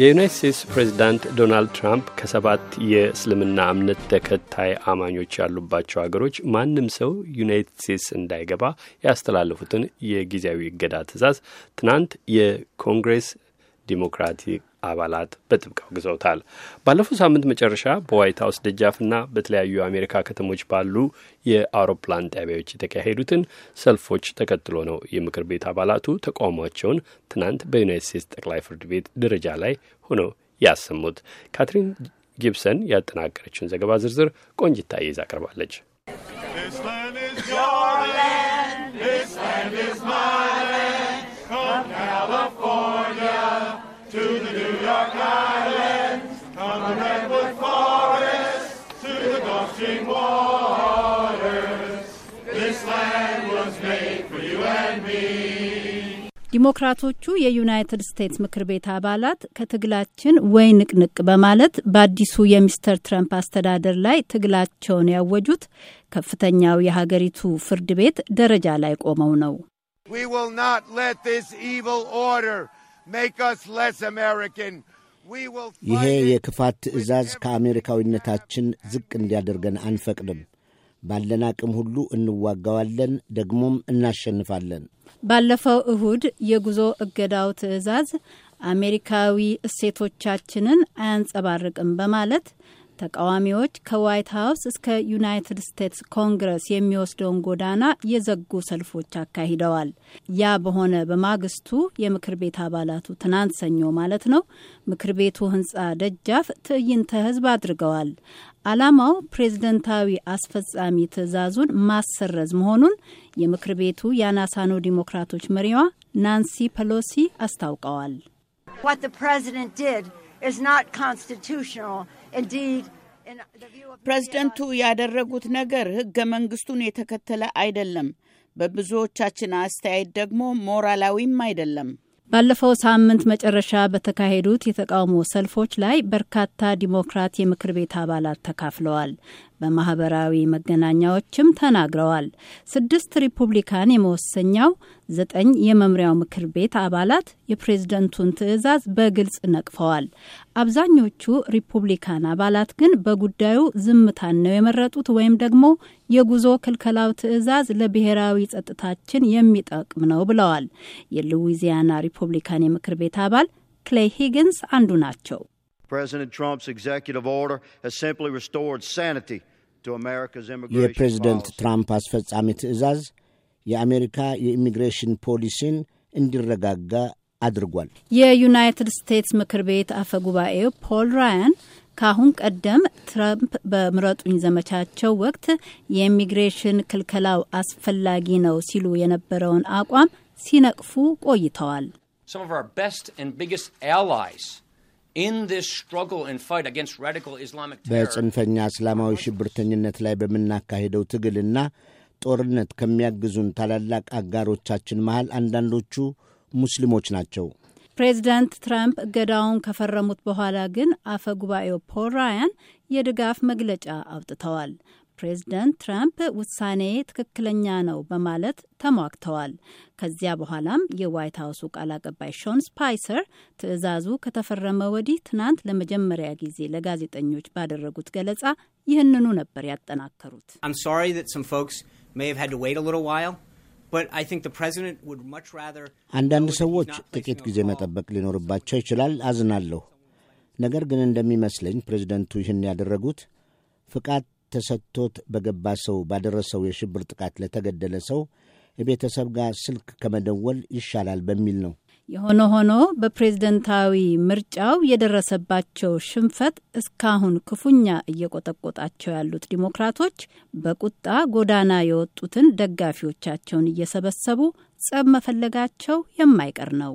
የዩናይት ስቴትስ ፕሬዚዳንት ዶናልድ ትራምፕ ከሰባት የእስልምና እምነት ተከታይ አማኞች ያሉባቸው አገሮች ማንም ሰው ዩናይት ስቴትስ እንዳይገባ ያስተላለፉትን የጊዜያዊ እገዳ ትዕዛዝ ትናንት የኮንግሬስ ዲሞክራቲክ አባላት በጥብቅ አውግዘውታል። ባለፈው ሳምንት መጨረሻ በዋይት ሀውስ ደጃፍና በተለያዩ የአሜሪካ ከተሞች ባሉ የአውሮፕላን ጣቢያዎች የተካሄዱትን ሰልፎች ተከትሎ ነው የምክር ቤት አባላቱ ተቃውሟቸውን ትናንት በዩናይት ስቴትስ ጠቅላይ ፍርድ ቤት ደረጃ ላይ ሆነው ያሰሙት። ካትሪን ጊብሰን ያጠናቀረችውን ዘገባ ዝርዝር ቆንጅታ ይዛ ቀርባለች። ዲሞክራቶቹ የዩናይትድ ስቴትስ ምክር ቤት አባላት ከትግላችን ወይ ንቅንቅ በማለት በአዲሱ የሚስተር ትረምፕ አስተዳደር ላይ ትግላቸውን ያወጁት ከፍተኛው የሀገሪቱ ፍርድ ቤት ደረጃ ላይ ቆመው ነው። ይሄ የክፋት ትዕዛዝ ከአሜሪካዊነታችን ዝቅ እንዲያደርገን አንፈቅድም። ባለን አቅም ሁሉ እንዋጋዋለን፣ ደግሞም እናሸንፋለን። ባለፈው እሁድ የጉዞ እገዳው ትዕዛዝ አሜሪካዊ እሴቶቻችንን አያንጸባርቅም በማለት ተቃዋሚዎች ከዋይት ሀውስ እስከ ዩናይትድ ስቴትስ ኮንግረስ የሚወስደውን ጎዳና የዘጉ ሰልፎች አካሂደዋል። ያ በሆነ በማግስቱ የምክር ቤት አባላቱ ትናንት ሰኞ ማለት ነው ምክር ቤቱ ህንጻ ደጃፍ ትዕይንተ ህዝብ አድርገዋል። ዓላማው ፕሬዝደንታዊ አስፈጻሚ ትዕዛዙን ማሰረዝ መሆኑን የምክር ቤቱ የአናሳኖ ዲሞክራቶች መሪዋ ናንሲ ፐሎሲ አስታውቀዋል። ፕሬዝደንቱ ያደረጉት ነገር ህገ መንግስቱን የተከተለ አይደለም፣ በብዙዎቻችን አስተያየት ደግሞ ሞራላዊም አይደለም። ባለፈው ሳምንት መጨረሻ በተካሄዱት የተቃውሞ ሰልፎች ላይ በርካታ ዲሞክራት የምክር ቤት አባላት ተካፍለዋል። በማህበራዊ መገናኛዎችም ተናግረዋል። ስድስት ሪፑብሊካን የመወሰኛው ዘጠኝ የመምሪያው ምክር ቤት አባላት የፕሬዝደንቱን ትዕዛዝ በግልጽ ነቅፈዋል። አብዛኞቹ ሪፑብሊካን አባላት ግን በጉዳዩ ዝምታን ነው የመረጡት ወይም ደግሞ የጉዞ ክልከላው ትዕዛዝ ለብሔራዊ ጸጥታችን የሚጠቅም ነው ብለዋል። የሉዊዚያና ሪፑብሊካን የምክር ቤት አባል ክሌይ ሂግንስ አንዱ ናቸው። ፕሬዚደንት ትራምፕስ ኤግዜኪቲቭ ኦርደር ሃዝ ሲምፕሊ የፕሬዝደንት ትራምፕ አስፈጻሚ ትዕዛዝ የአሜሪካ የኢሚግሬሽን ፖሊሲን እንዲረጋጋ አድርጓል። የዩናይትድ ስቴትስ ምክር ቤት አፈ ጉባኤው ፖል ራያን ከአሁን ቀደም ትራምፕ በምረጡኝ ዘመቻቸው ወቅት የኢሚግሬሽን ክልከላው አስፈላጊ ነው ሲሉ የነበረውን አቋም ሲነቅፉ ቆይተዋል። በጽንፈኛ እስላማዊ ሽብርተኝነት ላይ በምናካሄደው ትግልና ጦርነት ከሚያግዙን ታላላቅ አጋሮቻችን መሃል አንዳንዶቹ ሙስሊሞች ናቸው። ፕሬዚዳንት ትራምፕ እገዳውን ከፈረሙት በኋላ ግን አፈ ጉባኤው ፖል ራያን የድጋፍ መግለጫ አውጥተዋል። ፕሬዝደንት ትራምፕ ውሳኔ ትክክለኛ ነው በማለት ተሟግተዋል። ከዚያ በኋላም የዋይት ሀውሱ ቃል አቀባይ ሾን ስፓይሰር ትዕዛዙ ከተፈረመ ወዲህ ትናንት ለመጀመሪያ ጊዜ ለጋዜጠኞች ባደረጉት ገለጻ ይህንኑ ነበር ያጠናከሩት። አንዳንድ ሰዎች ጥቂት ጊዜ መጠበቅ ሊኖርባቸው ይችላል። አዝናለሁ። ነገር ግን እንደሚመስለኝ ፕሬዚደንቱ ይህን ያደረጉት ፍቃድ ተሰጥቶት በገባ ሰው ባደረሰው የሽብር ጥቃት ለተገደለ ሰው የቤተሰብ ጋር ስልክ ከመደወል ይሻላል በሚል ነው። የሆነ ሆኖ በፕሬዝደንታዊ ምርጫው የደረሰባቸው ሽንፈት እስካሁን ክፉኛ እየቆጠቆጣቸው ያሉት ዲሞክራቶች በቁጣ ጎዳና የወጡትን ደጋፊዎቻቸውን እየሰበሰቡ ጸብ መፈለጋቸው የማይቀር ነው።